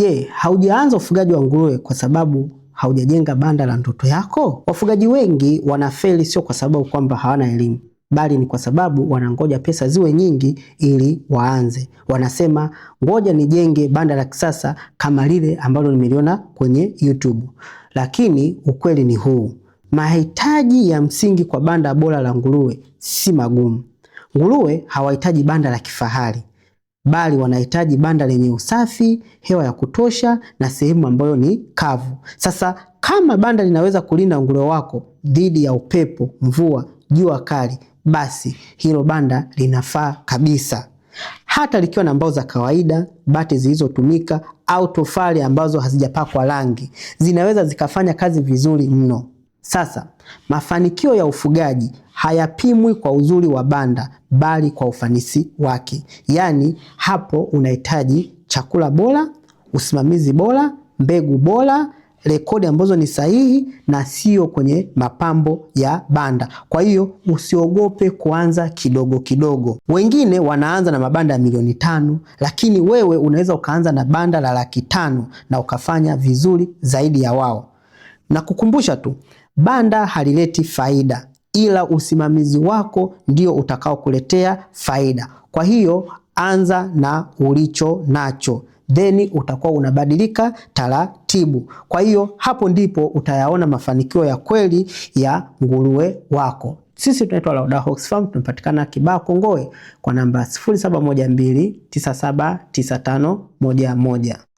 Je, haujaanza ufugaji wa nguruwe kwa sababu haujajenga banda la ndoto yako? Wafugaji wengi wanafeli sio kwa sababu kwamba hawana elimu, bali ni kwa sababu wanangoja pesa ziwe nyingi ili waanze. Wanasema ngoja nijenge banda la kisasa kama lile ambalo nimeliona kwenye YouTube. Lakini ukweli ni huu, mahitaji ya msingi kwa banda bora la nguruwe si magumu. Nguruwe hawahitaji banda la kifahari, bali wanahitaji banda lenye usafi, hewa ya kutosha na sehemu ambayo ni kavu. Sasa kama banda linaweza kulinda nguruwe wako dhidi ya upepo, mvua, jua kali, basi hilo banda linafaa kabisa, hata likiwa na mbao za kawaida, bati zilizotumika au tofali ambazo hazijapakwa rangi, zinaweza zikafanya kazi vizuri mno. Sasa mafanikio ya ufugaji hayapimwi kwa uzuri wa banda bali kwa ufanisi wake. Yaani hapo unahitaji chakula bora, usimamizi bora, mbegu bora, rekodi ambazo ni sahihi na sio kwenye mapambo ya banda. Kwa hiyo usiogope kuanza kidogo kidogo. Wengine wanaanza na mabanda ya milioni tano, lakini wewe unaweza ukaanza na banda la laki tano na ukafanya vizuri zaidi ya wao na kukumbusha tu, banda halileti faida, ila usimamizi wako ndio utakaokuletea faida. Kwa hiyo anza na ulicho nacho then utakuwa unabadilika taratibu. Kwa hiyo hapo ndipo utayaona mafanikio ya kweli ya nguruwe wako. Sisi tunaitwa Laudahox Farm, tunapatikana Kibaha Kongowe kwa namba 0712979511.